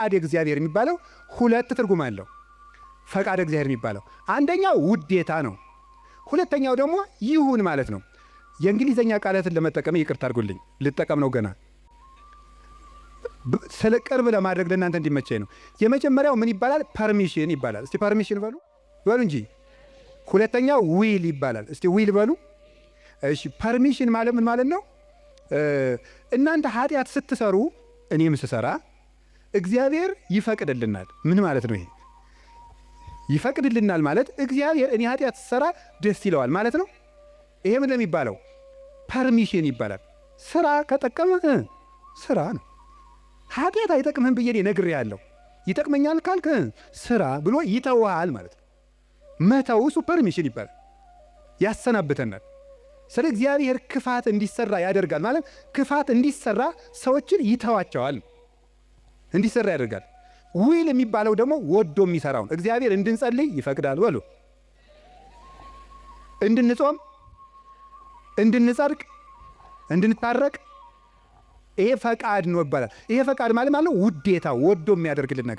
ፈቃድ እግዚአብሔር የሚባለው ሁለት ትርጉም አለው። ፈቃድ እግዚአብሔር የሚባለው አንደኛው ውዴታ ነው። ሁለተኛው ደግሞ ይሁን ማለት ነው። የእንግሊዝኛ ቃላትን ለመጠቀም ይቅርታ አድርጉልኝ፣ ልጠቀም ነው ገና ስለ ቅርብ ለማድረግ ለእናንተ እንዲመቸኝ ነው። የመጀመሪያው ምን ይባላል? ፐርሚሽን ይባላል። እስቲ ፐርሚሽን በሉ በሉ እንጂ። ሁለተኛው ዊል ይባላል። እስቲ ዊል በሉ እሺ። ፐርሚሽን ማለት ምን ማለት ነው? እናንተ ኃጢአት ስትሰሩ እኔም ስሰራ እግዚአብሔር ይፈቅድልናል። ምን ማለት ነው? ይሄ ይፈቅድልናል ማለት እግዚአብሔር እኔ ኃጢአት ስሰራ ደስ ይለዋል ማለት ነው። ይሄ ምን ለሚባለው ፐርሚሽን ይባላል። ስራ ከጠቀመ ስራ ነው። ኃጢአት አይጠቅምህም ብዬ ያለው ይጠቅመኛል ካልክ ስራ ብሎ ይተውሃል ማለት ነው። መተው እሱ ፐርሚሽን ይባላል። ያሰናብተናል። ስለ እግዚአብሔር ክፋት እንዲሰራ ያደርጋል ማለት ክፋት እንዲሰራ ሰዎችን ይተዋቸዋል። እንዲሰራ ያደርጋል። ዊል የሚባለው ደግሞ ወዶ ነው። እግዚአብሔር እንድንጸልይ ይፈቅዳል። በሉ እንድንጾም፣ እንድንጸድቅ፣ እንድንታረቅ ይሄ ፈቃድ ነው ይባላል። ይሄ ፈቃድ ማለት ማለት ውዴታ፣ ወዶ የሚያደርግልን ነገር